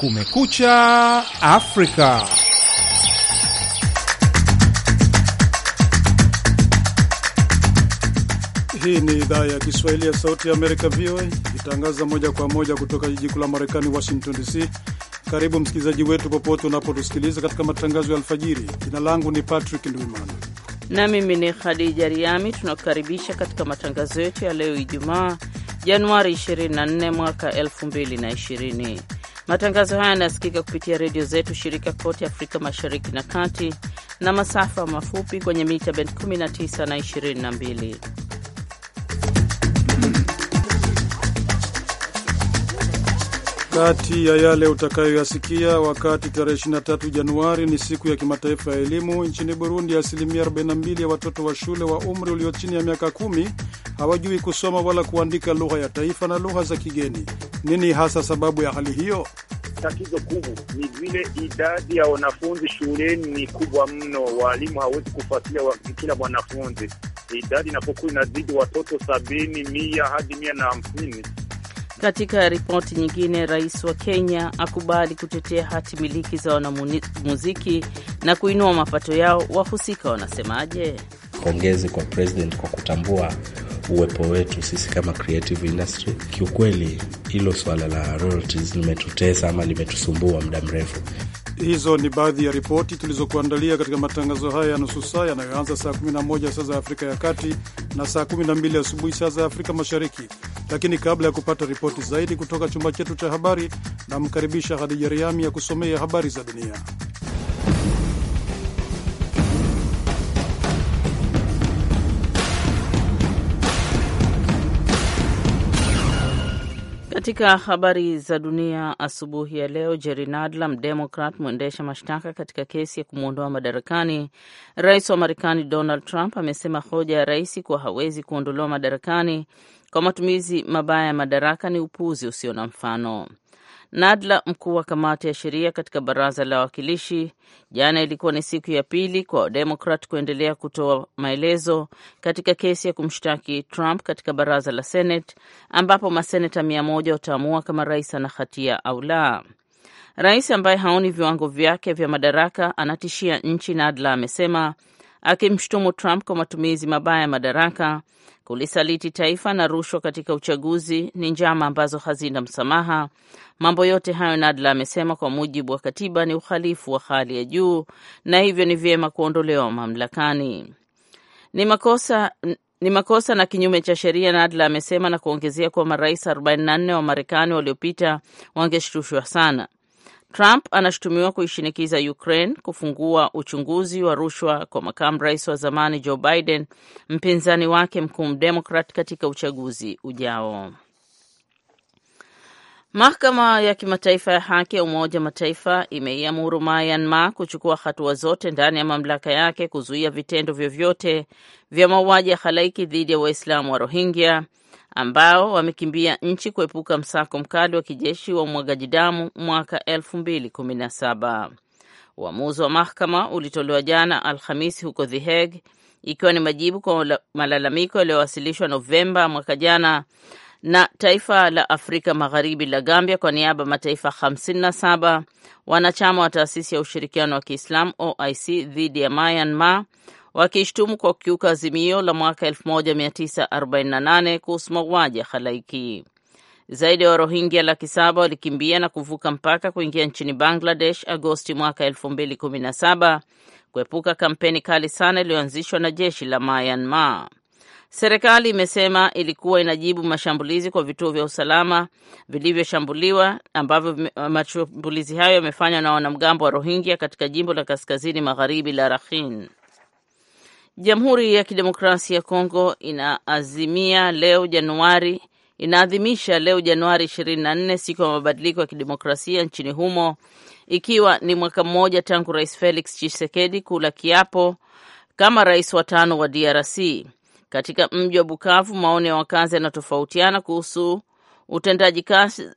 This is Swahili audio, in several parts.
Kumekucha Afrika. Hii ni idhaa ya Kiswahili ya Sauti ya Amerika, VOA, ikitangaza moja kwa moja kutoka jiji kuu la Marekani, Washington DC. Karibu msikilizaji wetu popote unapotusikiliza katika matangazo ya alfajiri. Jina langu ni Patrick Ndwimana na mimi ni Khadija Riami. Tunakukaribisha katika matangazo yetu ya leo Ijumaa, Januari 24 mwaka 2020. Matangazo haya yanasikika kupitia redio zetu shirika kote Afrika Mashariki na Kati na masafa mafupi kwenye mita bend 19 na 22. Kati ya yale utakayoyasikia wakati tarehe 23 Januari ni siku ya kimataifa ya elimu nchini Burundi, asilimia 42 ya watoto wa shule wa umri ulio chini ya miaka kumi hawajui kusoma wala kuandika lugha ya taifa na lugha za kigeni. Nini hasa sababu ya hali hiyo? Tatizo kubwa ni vile idadi ya wanafunzi shuleni ni kubwa mno, waalimu hawezi kufuatilia wa kila mwanafunzi. Idadi inapokuwa inazidi watoto sabini, mia hadi mia na hamsini katika ripoti nyingine, rais wa Kenya akubali kutetea hati miliki za wanamuziki na kuinua mapato yao. Wahusika wanasemaje? Pongezi kwa president kwa kutambua uwepo wetu sisi kama creative industry. Kiukweli hilo swala la royalties limetutesa ama limetusumbua muda mrefu, Hizo ni baadhi ya ripoti tulizokuandalia katika matangazo haya ya nusu saa yanayoanza saa 11 saa za Afrika ya Kati na saa 12 asubuhi saa za Afrika Mashariki. Lakini kabla ya kupata ripoti zaidi kutoka chumba chetu cha habari, namkaribisha Hadija Riami ya kusomea habari za dunia. Katika habari za dunia asubuhi ya leo, Jerry Nadler, Mdemokrat mwendesha mashtaka katika kesi ya kumwondoa madarakani rais wa Marekani Donald Trump, amesema hoja ya rais kuwa hawezi kuondolewa madarakani kwa matumizi mabaya ya madaraka ni upuzi usio na mfano. Nadla, mkuu wa kamati ya sheria katika baraza la wawakilishi, jana ilikuwa ni siku ya pili kwa Wademokrat kuendelea kutoa maelezo katika kesi ya kumshtaki Trump katika baraza la Senate, ambapo maseneta mia moja wataamua kama rais ana hatia au la. Rais ambaye haoni viwango vyake vya madaraka anatishia nchi, Nadla amesema akimshutumu Trump kwa matumizi mabaya ya madaraka, kulisaliti taifa na rushwa katika uchaguzi ni njama ambazo hazina msamaha. Mambo yote hayo, Nadler amesema, kwa mujibu wa katiba ni uhalifu wa hali ya juu na hivyo ni vyema kuondolewa mamlakani. Ni makosa ni makosa na kinyume cha sheria, Nadla amesema na kuongezea kuwa marais 44 wa Marekani waliopita wangeshtushwa sana. Trump anashutumiwa kuishinikiza Ukraine kufungua uchunguzi wa rushwa kwa makamu rais wa zamani Joe Biden, mpinzani wake mkuu mdemokrat katika uchaguzi ujao. Mahakama ya Kimataifa ya Haki ya Umoja wa Mataifa imeiamuru Myanmar kuchukua hatua zote ndani ya mamlaka yake kuzuia vitendo vyovyote vya mauaji ya halaiki dhidi ya Waislamu wa Rohingya ambao wamekimbia nchi kuepuka msako mkali wa kijeshi wa umwagaji damu mwaka 2017. Uamuzi wa mahakama ulitolewa jana Alhamisi huko The Hague ikiwa ni majibu kwa malalamiko yaliyowasilishwa Novemba mwaka jana na taifa la Afrika Magharibi la Gambia kwa niaba ya mataifa 57 wanachama wa taasisi ya ushirikiano wa Kiislamu OIC dhidi ya Myanmar wakishtumu kwa kukiuka azimio la mwaka 1948 kuhusu mauaji ya halaiki. Zaidi ya Warohingya laki saba walikimbia na kuvuka mpaka kuingia nchini Bangladesh Agosti mwaka 2017 kuepuka kampeni kali sana iliyoanzishwa na jeshi la Myanmar. Serikali imesema ilikuwa inajibu mashambulizi kwa vituo vya usalama vilivyoshambuliwa ambavyo mashambulizi hayo yamefanywa na wanamgambo wa Rohingya katika jimbo la kaskazini magharibi la Rakhine. Jamhuri ya Kidemokrasia ya Kongo inaazimia leo Januari inaadhimisha leo Januari 24 siku ya mabadiliko ya kidemokrasia nchini humo ikiwa ni mwaka mmoja tangu Rais Felix Tshisekedi kula kiapo kama rais wa tano wa DRC. Katika mji wa Bukavu, maoni ya wakazi yanatofautiana kuhusu utendaji kazi,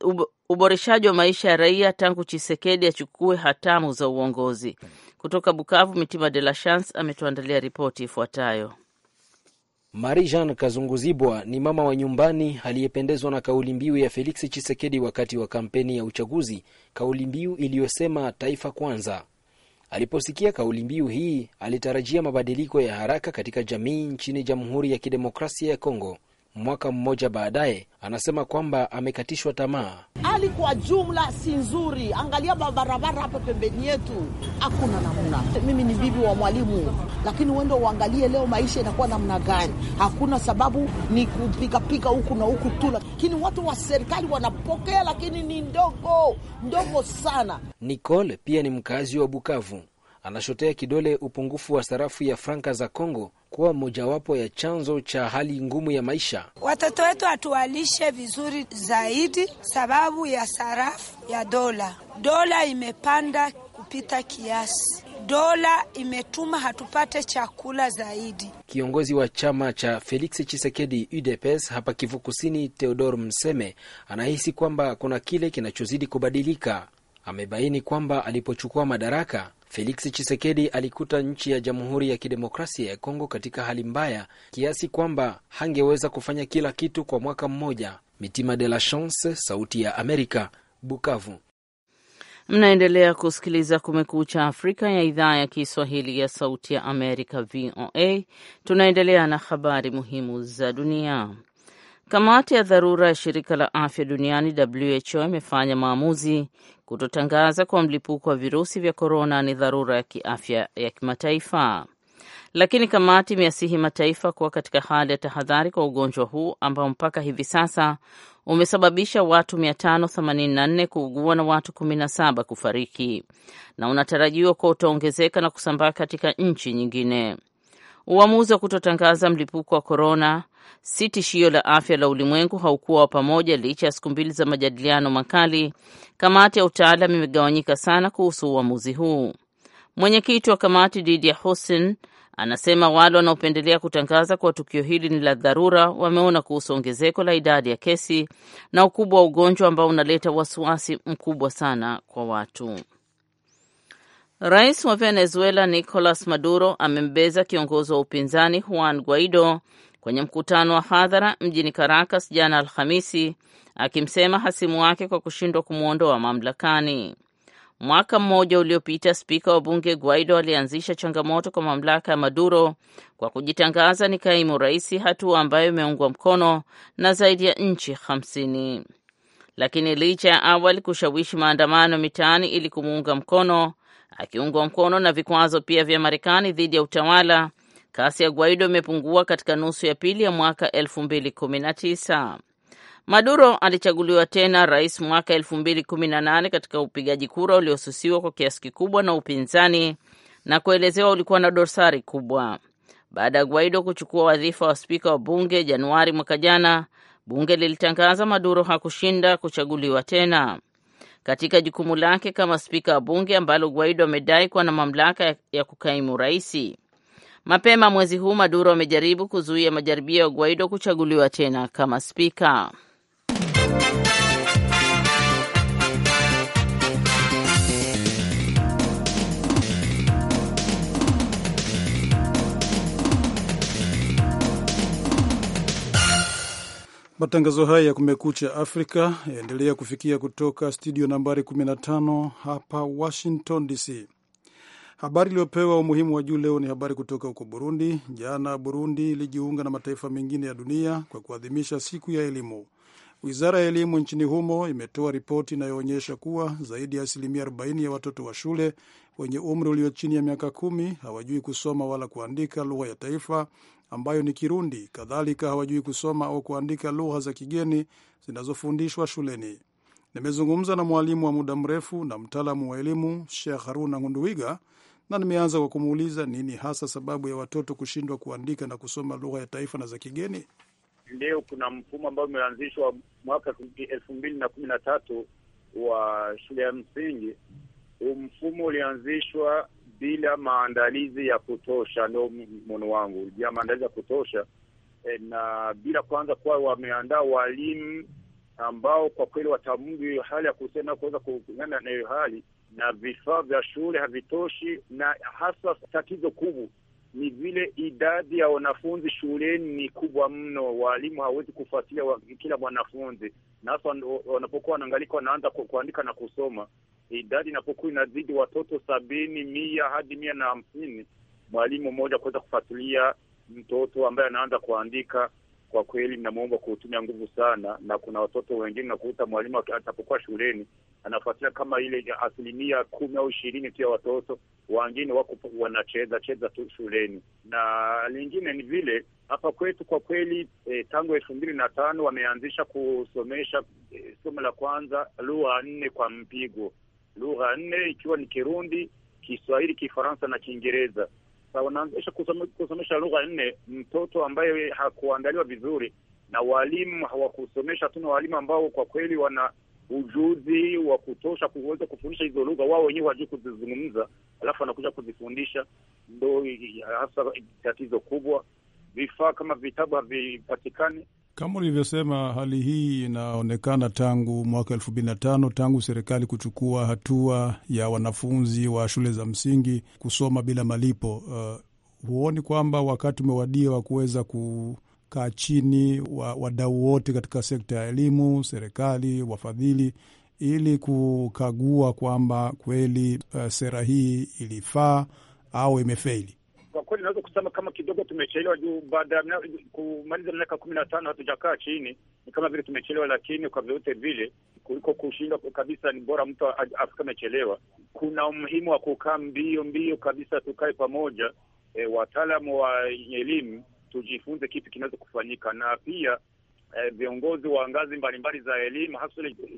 uboreshaji wa maisha ya raia tangu Tshisekedi achukue hatamu za uongozi. Kutoka Bukavu, Mitima de la Chance ametuandalia ripoti ifuatayo. Marie Jean Kazunguzibwa ni mama wa nyumbani aliyependezwa na kauli mbiu ya Felix chisekedi wakati wa kampeni ya uchaguzi, kauli mbiu iliyosema taifa kwanza. Aliposikia kauli mbiu hii, alitarajia mabadiliko ya haraka katika jamii nchini Jamhuri ya Kidemokrasia ya Kongo. Mwaka mmoja baadaye, anasema kwamba amekatishwa tamaa. Hali kwa jumla si nzuri, angalia mabarabara hapa pembeni yetu hakuna namna. Mimi ni bibi wa mwalimu, lakini uende uangalie leo maisha inakuwa namna gani? Hakuna sababu, ni kupikapika huku na huku tu, lakini watu wa serikali wanapokea, lakini ni ndogo ndogo sana. Nicole pia ni mkazi wa Bukavu anashotea kidole upungufu wa sarafu ya franka za Kongo kuwa mojawapo ya chanzo cha hali ngumu ya maisha. Watoto wetu hatuwalishe vizuri zaidi sababu ya sarafu ya dola. Dola imepanda kupita kiasi, dola imetuma hatupate chakula zaidi. Kiongozi wa chama cha Felix Chisekedi UDPS hapa Kivu Kusini, Theodor Mseme, anahisi kwamba kuna kile kinachozidi kubadilika. Amebaini kwamba alipochukua madaraka Felix chisekedi alikuta nchi ya Jamhuri ya Kidemokrasia ya Kongo katika hali mbaya kiasi kwamba hangeweza kufanya kila kitu kwa mwaka mmoja. Mitima de la Chance, Sauti ya Amerika, Bukavu. Mnaendelea kusikiliza Kumekucha Afrika ya idhaa ya Kiswahili ya Sauti ya Amerika, VOA. Tunaendelea na habari muhimu za dunia. Kamati ya dharura ya shirika la afya duniani WHO imefanya maamuzi kutotangaza kwa mlipuko wa virusi vya korona ni dharura ya kiafya ya kimataifa, lakini kamati imeasihi mataifa kuwa katika hali ya tahadhari kwa ugonjwa huu ambao mpaka hivi sasa umesababisha watu 584 kuugua na watu 17 kufariki na unatarajiwa kuwa utaongezeka na kusambaa katika nchi nyingine. Uamuzi wa kutotangaza mlipuko wa korona si tishio la afya la ulimwengu haukuwa wa pamoja licha ya siku mbili za majadiliano makali. Kamati ya utaalam imegawanyika sana kuhusu uamuzi huu. Mwenyekiti wa kamati Didia Hussein anasema wale wanaopendelea kutangaza kuwa tukio hili ni la dharura wameona kuhusu ongezeko la idadi ya kesi na ukubwa wa ugonjwa ambao unaleta wasiwasi mkubwa sana kwa watu. Rais wa Venezuela Nicolas Maduro amembeza kiongozi wa upinzani Juan Guaido kwenye mkutano wa hadhara mjini Caracas jana Alhamisi, akimsema hasimu wake kwa kushindwa kumwondoa mamlakani. Mwaka mmoja uliopita, spika wa bunge Guaido alianzisha changamoto kwa mamlaka ya Maduro kwa kujitangaza ni kaimu rais, hatua ambayo imeungwa mkono na zaidi ya nchi hamsini. Lakini licha ya awali kushawishi maandamano mitaani ili kumuunga mkono, akiungwa mkono na vikwazo pia vya Marekani dhidi ya utawala, Kasi ya Guaido imepungua katika nusu ya pili ya mwaka 2019. Maduro alichaguliwa tena rais mwaka 2018 katika upigaji kura uliosusiwa kwa kiasi kikubwa na upinzani na kuelezewa ulikuwa na dosari kubwa. Baada ya Guaido kuchukua wadhifa wa spika wa bunge Januari mwaka jana, bunge lilitangaza Maduro hakushinda kuchaguliwa tena. Katika jukumu lake kama spika wa bunge ambalo Guaido amedai kuwa na mamlaka ya kukaimu raisi, Mapema mwezi huu Maduro amejaribu kuzuia majaribio ya Guaido kuchaguliwa tena kama spika. Matangazo haya ya Kumekucha Afrika yaendelea kufikia kutoka studio nambari 15 hapa Washington DC. Habari iliyopewa umuhimu wa juu leo ni habari kutoka huko Burundi. Jana Burundi ilijiunga na mataifa mengine ya dunia kwa kuadhimisha siku ya elimu. Wizara ya elimu nchini humo imetoa ripoti inayoonyesha kuwa zaidi ya asilimia 40 ya watoto wa shule wenye umri ulio chini ya miaka kumi hawajui kusoma wala kuandika lugha ya taifa ambayo ni Kirundi. Kadhalika hawajui kusoma au kuandika lugha za kigeni zinazofundishwa shuleni. Nimezungumza na mwalimu wa muda mrefu na mtaalamu wa elimu Sheikh Haruna Hunduwiga na nimeanza kwa kumuuliza nini hasa sababu ya watoto kushindwa kuandika na kusoma lugha ya taifa na za kigeni. Ndio, kuna mfumo ambao umeanzishwa mwaka elfu mbili na kumi na tatu wa shule ya msingi. Huu mfumo ulianzishwa bila maandalizi ya kutosha, ndio mono wangu, bila maandalizi ya kutosha e, na bila kwanza kuwa wameandaa walimu ambao kwa kweli watamjui hali ya kusema kuweza kuungana na hiyo hali na vifaa vya shule havitoshi, na hasa tatizo kubwa ni vile idadi ya wanafunzi shuleni ni kubwa mno. Waalimu hawezi kufuatilia wa kila mwanafunzi, na hasa wanapokuwa wanaangalika, wanaanza kuandika na kusoma, idadi inapokuwa inazidi watoto sabini, mia hadi mia na hamsini, mwalimu mmoja kuweza kufuatilia mtoto ambaye anaanza kuandika kwa kweli mnamwomba kuutumia nguvu sana, na kuna watoto wengine nakuta mwalimu atapokuwa shuleni anafuatilia kama ile asilimia kumi au ishirini tu ya watoto wengine wako wanacheza cheza tu shuleni. Na lingine ni vile hapa kwetu kwa kweli e, tangu elfu mbili na tano wameanzisha kusomesha e, somo la kwanza lugha nne kwa mpigo, lugha nne ikiwa ni Kirundi, Kiswahili, Kifaransa na Kiingereza wanaanzisha kusomesha lugha nne, mtoto ambaye hakuandaliwa vizuri na walimu hawakusomesha. Tuna walimu ambao kwa kweli wana ujuzi wa kutosha kuweza kufundisha hizo lugha, wao wenyewe wajui kuzizungumza, alafu wanakuja kuzifundisha, ndo hasa tatizo kubwa. Vifaa kama vitabu havipatikani, kama ulivyosema, hali hii inaonekana tangu mwaka elfu mbili na tano tangu serikali kuchukua hatua ya wanafunzi wa shule za msingi kusoma bila malipo. Uh, huoni kwamba wakati umewadia wa kuweza kukaa chini wa, wadau wote katika sekta ya elimu, serikali, wafadhili ili kukagua kwamba kweli uh, sera hii ilifaa au imefeili? kwa kweli naweza kusema kama kidogo tumechelewa, juu baada ya kumaliza miaka kumi na tano hatujakaa chini, ni kama vile tumechelewa, lakini kwa vyote vile kuliko kushindwa kabisa, ni bora mtu afika amechelewa. Kuna umuhimu wa kukaa mbio mbio kabisa, tukae pamoja, e, wataalamu wa elimu, tujifunze kitu kinaweza kufanyika, na pia eh, viongozi e, wa ngazi mbalimbali za elimu, hasa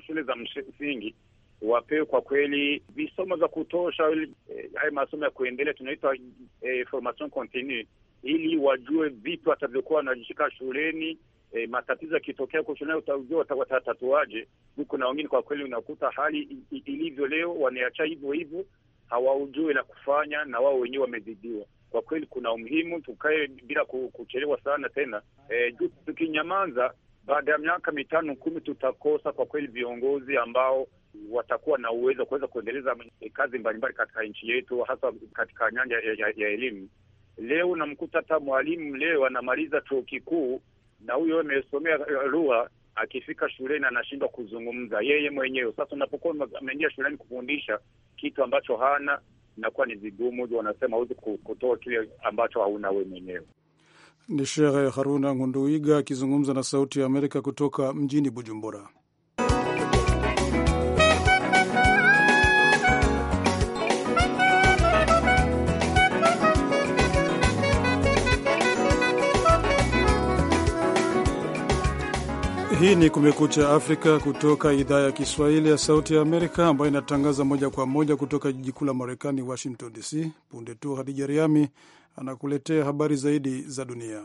shule za msingi wapewe kwa kweli visomo vya kutosha, ili eh, haya masomo ya kuendelea tunaita eh, formation continue, ili wajue vitu watavyokuwa wanajishika shuleni. E, matatizo yakitokea huko shuleni utajua watatatuaje. Huku na wengine kwa kweli unakuta hali ilivyo leo wanaacha hivyo hivyo, hawaujui la kufanya, na wao wenyewe wamezidiwa. Kwa kweli kuna umuhimu tukae bila kuchelewa sana tena. E, eh, juu tukinyamaza baada ya miaka mitano kumi, tutakosa kwa kweli viongozi ambao watakuwa na uwezo wa kuweza kuendeleza kazi mbalimbali katika nchi yetu, hasa katika nyanja ya elimu. Leo unamkuta hata mwalimu leo anamaliza chuo kikuu na huyo amesomea lugha, akifika shuleni anashindwa kuzungumza yeye mwenyewe. Sasa unapokuwa ameingia shuleni kufundisha kitu ambacho hana, inakuwa ni vigumu, wanasema hawezi kutoa kile ambacho hauna wewe mwenyewe. Ni Shehe Haruna Ngunduiga akizungumza na Sauti ya Amerika kutoka mjini Bujumbura. Hii ni Kumekucha Afrika kutoka idhaa ya Kiswahili ya Sauti ya Amerika, ambayo inatangaza moja kwa moja kutoka jiji kuu la Marekani, Washington DC. Punde tu Hadija Riami anakuletea habari zaidi za dunia.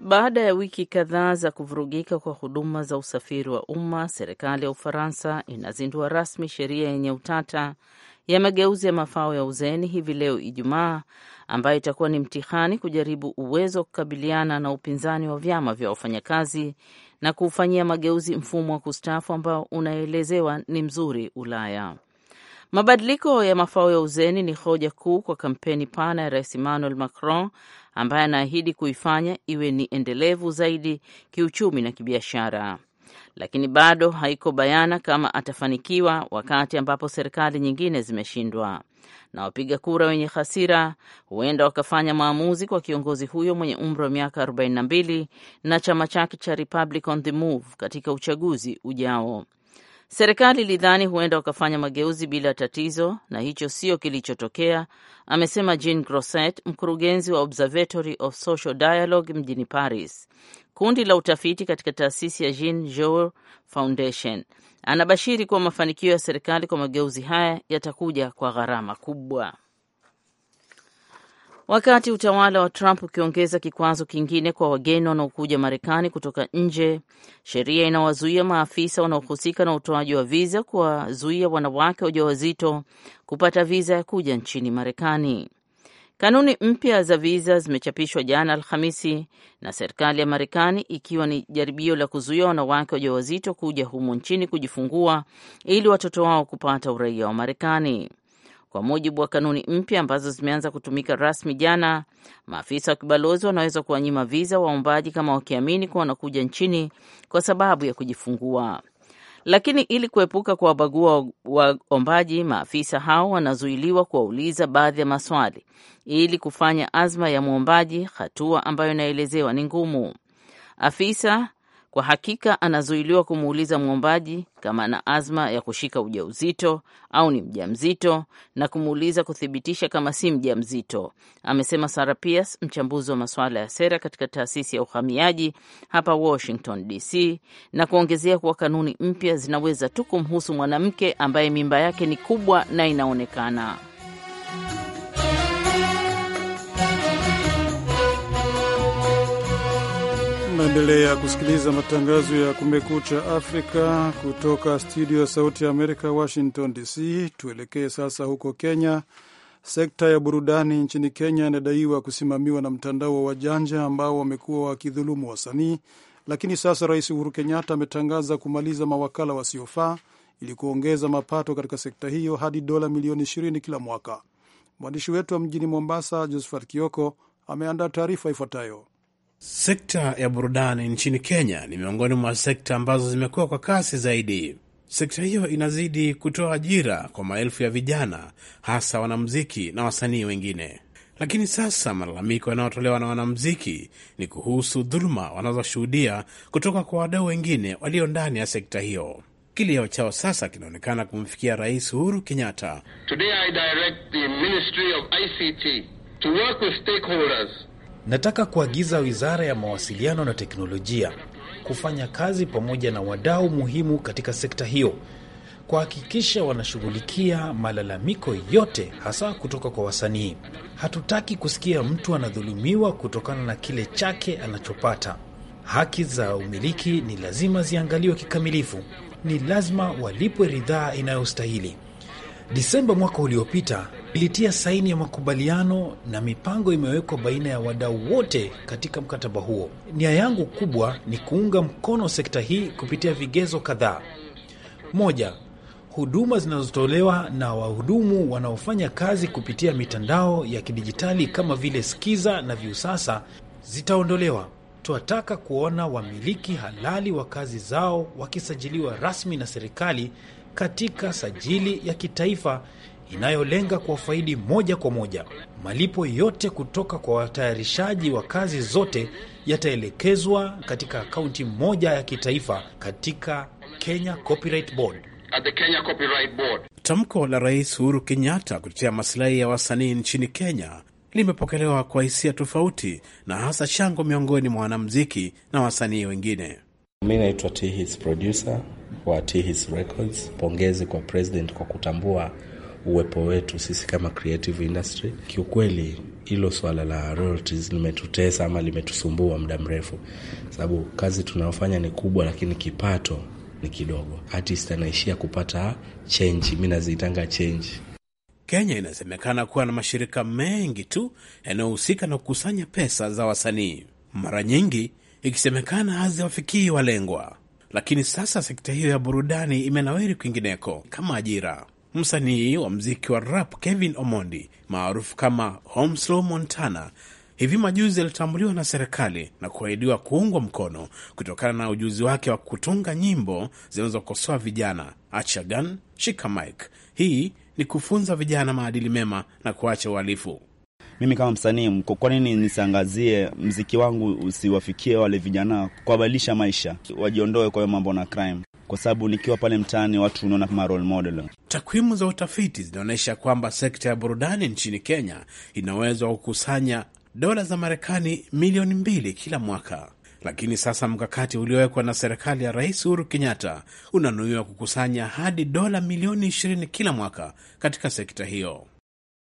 Baada ya wiki kadhaa za kuvurugika kwa huduma za usafiri wa umma, serikali ya Ufaransa inazindua rasmi sheria yenye utata ya mageuzi ya mafao ya uzeni hivi leo Ijumaa, ambayo itakuwa ni mtihani kujaribu uwezo wa kukabiliana na upinzani wa vyama vya wafanyakazi na kuufanyia mageuzi mfumo wa kustaafu ambao unaelezewa ni mzuri Ulaya. Mabadiliko ya mafao ya uzeni ni hoja kuu kwa kampeni pana ya Rais Emmanuel Macron ambaye anaahidi kuifanya iwe ni endelevu zaidi kiuchumi na kibiashara lakini bado haiko bayana kama atafanikiwa, wakati ambapo serikali nyingine zimeshindwa na wapiga kura wenye hasira huenda wakafanya maamuzi kwa kiongozi huyo mwenye umri wa miaka 42 na chama chake cha Republic the Move katika uchaguzi ujao. Serikali ilidhani huenda wakafanya mageuzi bila tatizo, na hicho sio kilichotokea, amesema Jean Grosset, mkurugenzi wa Observatory of Social Dialogue mjini Paris kundi la utafiti katika taasisi ya Jean Jaurès Foundation. Anabashiri kuwa mafanikio ya serikali kwa mageuzi haya yatakuja kwa gharama kubwa. Wakati utawala wa Trump ukiongeza kikwazo kingine kwa wageni wanaokuja Marekani kutoka nje, sheria inawazuia maafisa wanaohusika na utoaji wa viza kuwazuia wanawake wajawazito kupata viza ya kuja nchini Marekani. Kanuni mpya za viza zimechapishwa jana Alhamisi na serikali ya Marekani, ikiwa ni jaribio la kuzuia wanawake wajawazito kuja humo nchini kujifungua ili watoto wao kupata uraia wa Marekani. Kwa mujibu wa kanuni mpya ambazo zimeanza kutumika rasmi jana, maafisa wa kibalozi wanaweza kuwanyima viza waombaji kama wakiamini kuwa wanakuja nchini kwa sababu ya kujifungua lakini ili kuepuka kuwabagua waombaji, maafisa hao wanazuiliwa kuwauliza baadhi ya maswali ili kufanya azma ya mwombaji, hatua ambayo inaelezewa ni ngumu. Afisa kwa hakika anazuiliwa kumuuliza mwombaji kama ana azma ya kushika ujauzito au ni mjamzito na kumuuliza kuthibitisha kama si mjamzito, amesema Sara Pias, mchambuzi wa masuala ya sera katika taasisi ya uhamiaji hapa Washington DC, na kuongezea kuwa kanuni mpya zinaweza tu kumhusu mwanamke ambaye mimba yake ni kubwa na inaonekana. Unaendelea kusikiliza matangazo ya Kumekucha Afrika kutoka studio ya Sauti ya Amerika, Washington DC. Tuelekee sasa huko Kenya. Sekta ya burudani nchini Kenya inadaiwa kusimamiwa na mtandao wa wajanja ambao wamekuwa wakidhulumu wasanii, lakini sasa Rais Uhuru Kenyatta ametangaza kumaliza mawakala wasiofaa ili kuongeza mapato katika sekta hiyo hadi dola milioni 20 kila mwaka. Mwandishi wetu wa mjini Mombasa, Josephat Kioko, ameandaa taarifa ifuatayo. Sekta ya burudani nchini Kenya ni miongoni mwa sekta ambazo zimekuwa kwa kasi zaidi. Sekta hiyo inazidi kutoa ajira kwa maelfu ya vijana, hasa wanamuziki na wasanii wengine. Lakini sasa malalamiko yanayotolewa na wanamuziki ni kuhusu dhuluma wanazoshuhudia kutoka kwa wadau wengine walio ndani ya sekta hiyo. Kilio chao sasa kinaonekana kumfikia Rais Uhuru Kenyatta. Nataka kuagiza Wizara ya Mawasiliano na Teknolojia kufanya kazi pamoja na wadau muhimu katika sekta hiyo kuhakikisha wanashughulikia malalamiko yote, hasa kutoka kwa wasanii. Hatutaki kusikia mtu anadhulumiwa kutokana na kile chake anachopata. Haki za umiliki ni lazima ziangaliwe kikamilifu, ni lazima walipwe ridhaa inayostahili. Desemba mwaka uliopita ilitia saini ya makubaliano na mipango imewekwa baina ya wadau wote katika mkataba huo. Nia yangu kubwa ni kuunga mkono sekta hii kupitia vigezo kadhaa. Moja, huduma zinazotolewa na wahudumu wanaofanya kazi kupitia mitandao ya kidijitali kama vile Skiza na Viusasa zitaondolewa. Tunataka kuona wamiliki halali wa kazi zao wakisajiliwa rasmi na serikali katika sajili ya kitaifa inayolenga kuwafaidi moja kwa moja. Malipo yote kutoka kwa watayarishaji wa kazi zote yataelekezwa katika akaunti moja ya kitaifa katika Kenya Copyright Board. Tamko la Rais Uhuru Kenyatta kutetea masilahi ya wasanii nchini Kenya limepokelewa kwa hisia tofauti na hasa shango miongoni mwa wanamuziki na wasanii wengine. Mi naitwa Tihis, producer wa Tihis Records. Pongezi kwa president kwa kutambua uwepo wetu sisi kama creative industry. Kiukweli hilo swala la royalties limetutesa ama limetusumbua muda mrefu, sababu kazi tunayofanya ni kubwa, lakini kipato ni kidogo. Artist anaishia kupata change, mi naziitanga change. Kenya inasemekana kuwa na mashirika mengi tu yanayohusika na kukusanya pesa za wasanii, mara nyingi ikisemekana wafikii walengwa. Lakini sasa sekta hiyo ya burudani imenawiri kwingineko kama ajira msanii wa mziki wa rap Kevin Omondi maarufu kama Homeslow Montana hivi majuzi alitambuliwa na serikali na kuahidiwa kuungwa mkono kutokana na ujuzi wake wa kutunga nyimbo zinazokosoa vijana. Acha gun shika mic, hii ni kufunza vijana maadili mema na kuacha uhalifu. Mimi kama msanii, kwa nini nisiangazie mziki wangu usiwafikie wale vijana, kuwabadilisha maisha, wajiondoe kwa mambo na crime? kwa sababu nikiwa pale mtaani watu unaona kama role model. Takwimu za utafiti zinaonyesha kwamba sekta ya burudani nchini Kenya inaweza kukusanya dola za Marekani milioni mbili kila mwaka, lakini sasa mkakati uliowekwa na serikali ya Rais Uhuru Kenyatta unanuiwa kukusanya hadi dola milioni 20 kila mwaka katika sekta hiyo.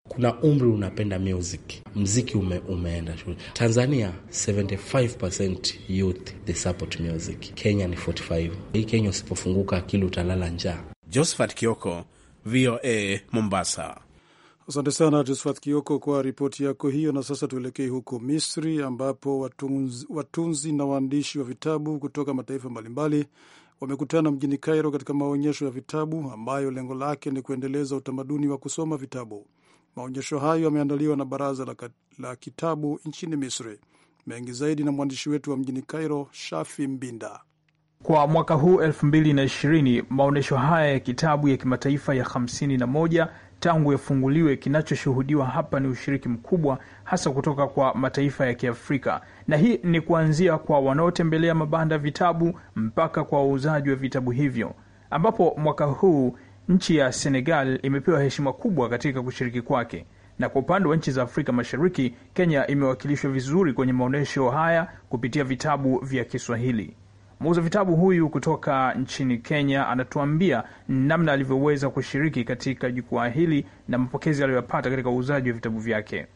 Kuna umri unapenda music, mziki ume, umeenda shule. Tanzania 75% youth they support music, Kenya ni 45. Hii Kenya usipofunguka akili utalala njaa. Josephat Kioko, VOA Mombasa. Asante sana Josephat Kioko kwa ripoti yako hiyo. Na sasa tuelekee huko Misri ambapo watunzi, watunzi na waandishi wa vitabu kutoka mataifa mbalimbali wamekutana mjini Cairo katika maonyesho ya vitabu ambayo lengo lake ni kuendeleza utamaduni wa kusoma vitabu. Maonyesho hayo yameandaliwa na Baraza la, la Kitabu nchini Misri. Mengi zaidi na mwandishi wetu wa mjini Cairo, Shafi Mbinda. Kwa mwaka huu 2020 maonyesho haya ya kitabu ya kimataifa ya 51 tangu yafunguliwe, kinachoshuhudiwa hapa ni ushiriki mkubwa hasa kutoka kwa mataifa ya Kiafrika, na hii ni kuanzia kwa wanaotembelea mabanda vitabu mpaka kwa wauzaji wa vitabu hivyo, ambapo mwaka huu nchi ya Senegal imepewa heshima kubwa katika kushiriki kwake, na kwa upande wa nchi za Afrika Mashariki, Kenya imewakilishwa vizuri kwenye maonyesho haya kupitia vitabu vya Kiswahili. Muuza vitabu huyu kutoka nchini Kenya anatuambia namna alivyoweza kushiriki katika jukwaa hili na mapokezi aliyoyapata katika uuzaji wa vitabu vyake.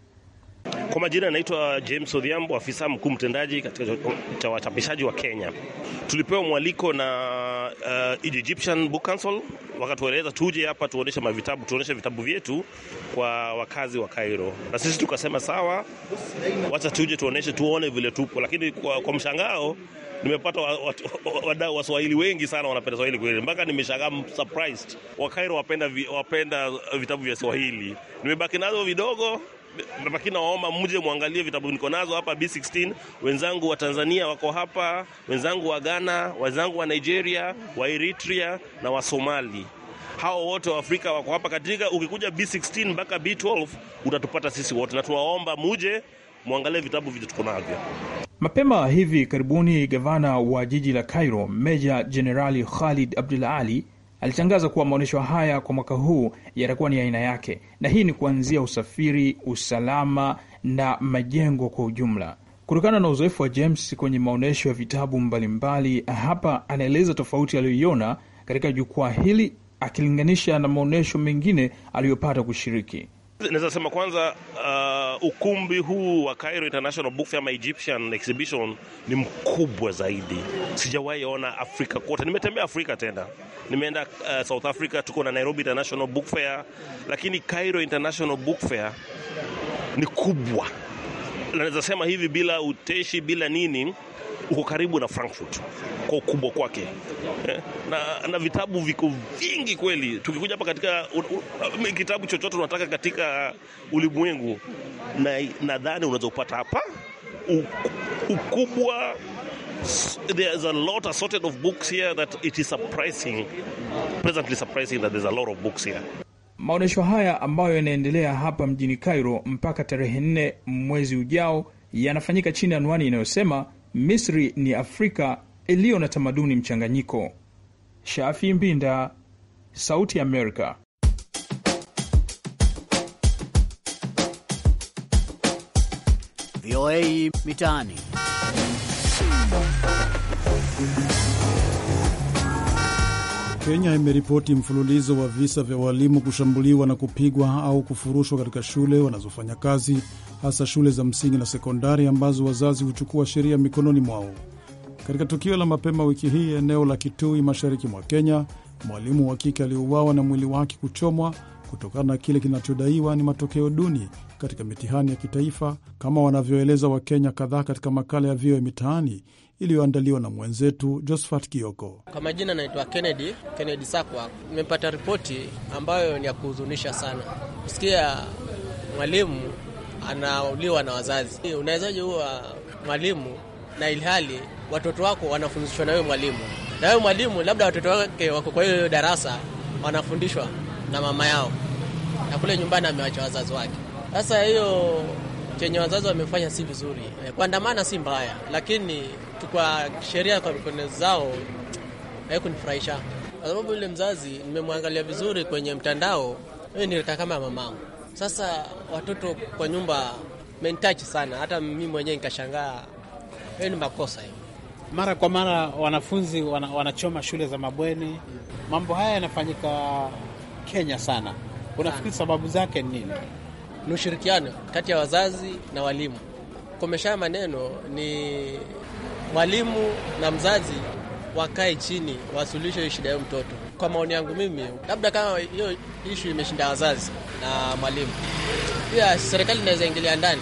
Kwa majina anaitwa James Odhiambo, afisa mkuu mtendaji katika cha wachapishaji wa Kenya. Tulipewa mwaliko na uh, Egyptian Book Council, wakatueleza tuje hapa tuoneshe mavitabu, tuoneshe vitabu vyetu kwa wakazi wa Cairo, na sisi tukasema sawa, wacha tuje tuoneshe, tuone vile tupo. Lakini kwa, kwa mshangao nimepata wadau Waswahili wengi sana wanapenda Swahili kweli, mpaka nimeshangaa surprised. Wakairo wapenda, wapenda vitabu vya Swahili. Nimebaki nazo vidogo lakini nawaomba mje muangalie vitabu niko nazo hapa B16. Wenzangu wa Tanzania wako hapa, wenzangu wa Ghana, wenzangu wa Nigeria, wa Eritrea na wa Somali hao wote wa Afrika wako hapa katika. Ukikuja B16 mpaka B12 utatupata sisi wote, na tunawaomba muje mwangalie vitabu vile tuko navyo. Mapema hivi karibuni, gavana wa jiji la Cairo, meja jenerali Khalid Abdul Ali Alitangaza kuwa maonyesho haya kwa mwaka huu yatakuwa ni aina yake, na hii ni kuanzia usafiri, usalama na majengo kwa ujumla. Kutokana na uzoefu wa James kwenye maonyesho ya vitabu mbalimbali mbali, hapa anaeleza tofauti aliyoiona katika jukwaa hili akilinganisha na maonyesho mengine aliyopata kushiriki. Naweza sema kwanza, uh, ukumbi huu wa Cairo International Book Fair ama Egyptian Exhibition ni mkubwa zaidi sijawahi ona Afrika kote. Nimetembea Afrika tena, nimeenda uh, South Africa, tuko na Nairobi International Book Fair, lakini Cairo International Book Fair ni kubwa, naweza sema hivi bila uteshi, bila nini uko karibu na Frankfurt kwa ukubwa kwake eh, na, na vitabu viko vingi kweli. Tukikuja hapa katika kitabu chochote unataka katika ulimwengu, nadhani unaweza kupata hapa ukubwa is a lot assorted of books here that it is surprising presently surprising that there's a lot of books here. Maonyesho haya ambayo yanaendelea hapa mjini Cairo mpaka tarehe nne mwezi ujao yanafanyika chini ya anwani inayosema Misri ni Afrika iliyo na tamaduni mchanganyiko. Shafi Mbinda, Sauti Amerika. VOA Mitaani. Kenya imeripoti mfululizo wa visa vya walimu kushambuliwa na kupigwa au kufurushwa katika shule wanazofanya kazi, hasa shule za msingi na sekondari ambazo wazazi huchukua sheria mikononi mwao. Katika tukio la mapema wiki hii eneo la Kitui, mashariki mwa Kenya, mwalimu wa kike aliuawa na mwili wake kuchomwa kutokana na kile kinachodaiwa ni matokeo duni katika mitihani ya kitaifa kama wanavyoeleza Wakenya kadhaa katika makala ya VOA Mitaani iliyoandaliwa na mwenzetu Josephat Kioko. Kwa majina anaitwa Kennedy, Kennedy Sakwa. Nimepata ripoti ambayo ni ya kuhuzunisha sana kusikia mwalimu anauliwa na wazazi. Unawezaje huwa mwalimu na ilhali watoto wako wanafundishwa na huyo mwalimu, na huyo mwalimu labda watoto wake wako kwa hiyo darasa wanafundishwa na mama yao na kule nyumbani amewacha wazazi wake. Sasa hiyo chenye wazazi wamefanya si vizuri. Eh, kuandamana si mbaya, lakini kwa sheria kwa mikono zao haikunifurahisha, kwa sababu yule mzazi nimemwangalia vizuri kwenye mtandao, yeye ni kama mamangu. Sasa watoto kwa nyumba mentachi sana, hata mimi mwenyewe nikashangaa, hiyo ni makosa hiyo. Mara kwa mara wanafunzi wana, wanachoma shule za mabweni. Mambo haya yanafanyika Kenya sana, unafikiri sababu zake ni nini? ni ushirikiano kati ya wazazi na walimu. haya maneno ni mwalimu na mzazi wakae chini, wasuluhishe hiyo shida ya mtoto. Kwa maoni yangu mimi, labda kama hiyo ishu imeshinda wazazi na mwalimu, pia serikali inaweza ingilia ndani.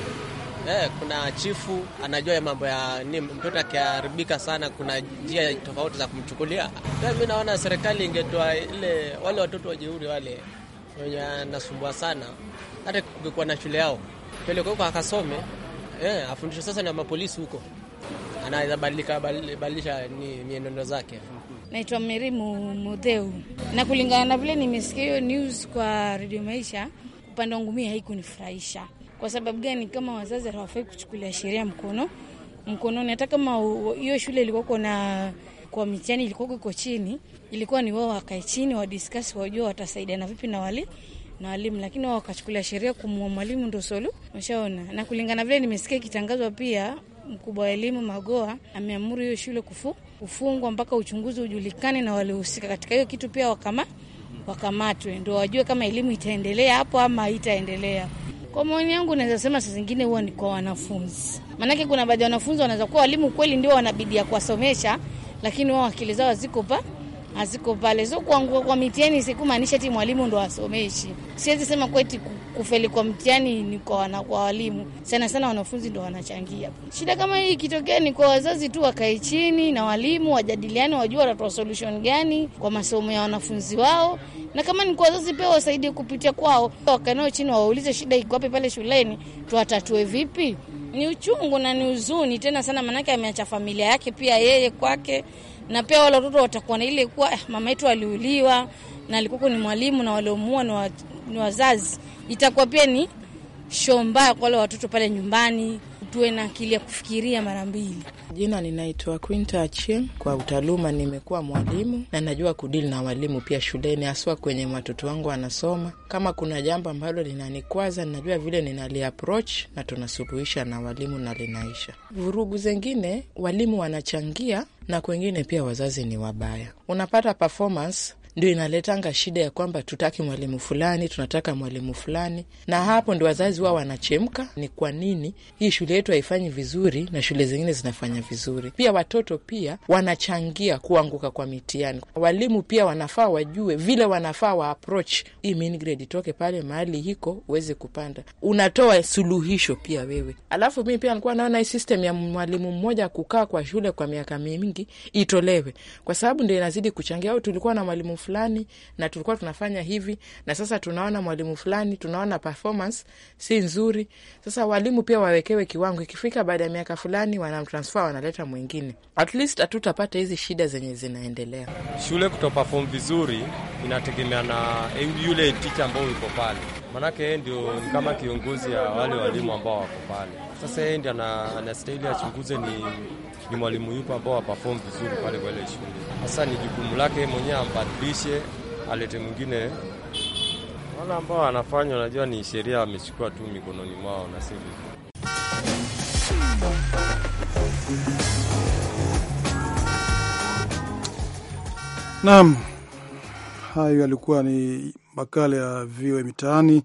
Eh, kuna chifu anajua ya mambo ya ni mtoto akiharibika sana, kuna njia tofauti za kumchukulia. Mi naona serikali ingetoa ile wale watoto wajeuri wale wenye anasumbua sana hata kungekuwa na shule yao peleke huko akasome, eh, afundishe sasa na mapolisi huko, anaweza badilika badilisha ni mienendo zake. Naitwa Mirimu Modeu, na kulingana na vile nimesikia hiyo news kwa Radio Maisha, upande wangu mimi haikunifurahisha. Kwa sababu gani? Kama wazazi hawafai kuchukulia sheria mkono mkononi, hata kama hiyo shule ilikuwa na kwa mitihani ilikuwa iko chini, ilikuwa ni wao wakae chini, wadiskasi, wajua watasaidiana vipi na wale na walimu, lakini wao wakachukulia sheria kumua mwalimu ndo solu. Umeshaona, na kulingana vile nimesikia ikitangazwa pia mkubwa wa elimu Magoa ameamuru hiyo shule kufu, kufungwa mpaka uchunguzi ujulikane na walihusika katika hiyo kitu pia wakama, wakamatwe ndo wajue kama elimu itaendelea hapo ama itaendelea. Kwa maoni yangu, naweza sema saa zingine huwa ni kwa wanafunzi, maanake kuna baadhi ya wanafunzi wanaweza kuwa walimu kweli ndio wanabidi ya kuwasomesha, lakini wao akili zao ziko pa haziko pale. So kuanguka kwa mitihani sikumaanisha ti mwalimu ndo asomeshi. Siwezi sema kweti kufeli kwa mtihani ni kwa wana, kwa walimu sana sana, wanafunzi ndo wanachangia. Shida kama hii ikitokea, ni kwa wazazi tu, wakae chini na walimu wajadiliane, wajua watatoa solution gani kwa masomo ya wanafunzi wao, na kama ni kwa wazazi pia wasaidie kupitia kwao, wakanao chini, waulize shida iko wapi pale shuleni, tuwatatue vipi. Ni uchungu na ni huzuni tena sana, maanake ameacha familia yake pia yeye kwake na pia wale watoto watakuwa na ile kuwa eh, mama yetu aliuliwa na alikuwa ni mwalimu na waliomuua ni wazazi. Itakuwa pia ni show mbaya kwa wale watoto pale nyumbani. Tuwe na akili ya kufikiria mara mbili. Jina ninaitwa Quinta Achim. Kwa utaaluma nimekuwa mwalimu na najua kudili na walimu pia shuleni, haswa kwenye watoto wangu wanasoma. Kama kuna jambo ambalo linanikwaza, najua vile ninaliaproach na tunasuluhisha na walimu na linaisha. Vurugu zengine walimu wanachangia na kwengine pia wazazi ni wabaya. Unapata performance ndio inaletanga shida ya kwamba tutaki mwalimu fulani, tunataka mwalimu fulani, na hapo ndio wazazi wao wanachemka, ni kwa nini hii shule yetu haifanyi vizuri na shule zingine zinafanya vizuri? Pia watoto pia wanachangia kuanguka kwa mitihani. Walimu pia wanafaa wajue vile wanafaa wa approach hii mean grade itoke pale mahali hiko uweze kupanda, unatoa suluhisho pia wewe. Alafu mi pia nikuwa naona hii system ya mwalimu mmoja kukaa kwa shule kwa miaka mingi itolewe, kwa sababu ndio inazidi kuchangia. Au tulikuwa na mwalimu fulani na tulikuwa tunafanya hivi, na sasa tunaona mwalimu fulani, tunaona performance si nzuri. Sasa walimu pia wawekewe kiwango, ikifika baada ya miaka fulani wanamtransfer, wanaleta mwingine. At least hatutapata hizi shida zenye zinaendelea. Shule kutoperform vizuri inategemea na yule ticha ambao yuko pale Manake yeye ndio ni kama kiongozi ya wale walimu ambao wako pale. Sasa yeye ndio anastahili achunguze ni, ni mwalimu yupo ambao waperform vizuri pale kwa ile shule. Sasa ni jukumu lake mwenyewe ambadilishe, alete mwingine. Wale ambao wanafanya, unajua ni sheria amechukua tu mikononi mwao na sivyo. Naam. Hayo yalikuwa ni makala ya VOA Mitaani.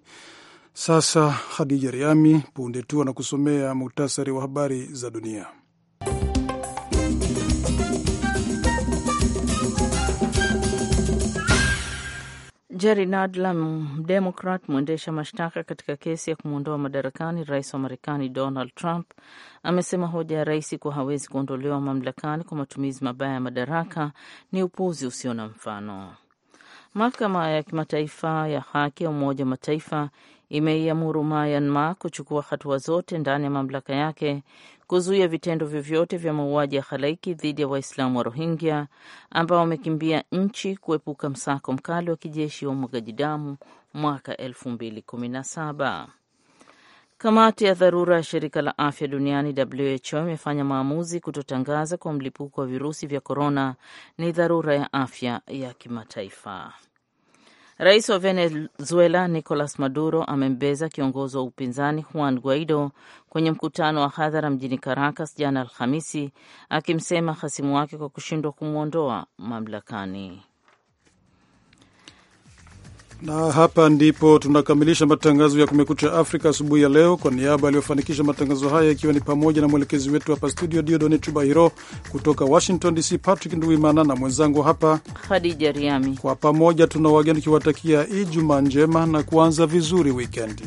Sasa Khadija Riami punde tu anakusomea muhtasari wa habari za dunia. Jerry Nadler, Mdemokrat, mwendesha mashtaka katika kesi ya kumwondoa madarakani rais wa Marekani Donald Trump, amesema hoja ya rais kuwa hawezi kuondolewa mamlakani kwa matumizi mabaya ya madaraka ni upuuzi usio na mfano. Mahakama ya Kimataifa ya Haki ya Umoja wa Mataifa imeiamuru Myanmar kuchukua hatua zote ndani ya mamlaka yake kuzuia vitendo vyovyote vya mauaji ya halaiki dhidi ya Waislamu wa Rohingya ambao wamekimbia nchi kuepuka msako mkali wa kijeshi wa umwagaji damu mwaka 2017. Kamati ya dharura ya shirika la afya duniani WHO imefanya maamuzi kutotangaza kwa mlipuko wa virusi vya korona ni dharura ya afya ya kimataifa. Rais wa Venezuela Nicolas Maduro amembeza kiongozi wa upinzani Juan Guaido kwenye mkutano wa hadhara mjini Caracas jana Alhamisi, akimsema hasimu wake kwa kushindwa kumwondoa mamlakani. Na hapa ndipo tunakamilisha matangazo ya Kumekucha Afrika asubuhi ya leo. Kwa niaba aliyofanikisha matangazo haya, ikiwa ni pamoja na mwelekezi wetu hapa studio Diodone Chubahiro, kutoka Washington DC Patrick Nduimana na mwenzangu hapa Hadija Riami, kwa pamoja tuna wageni tukiwatakia Ijumaa njema na kuanza vizuri wikendi.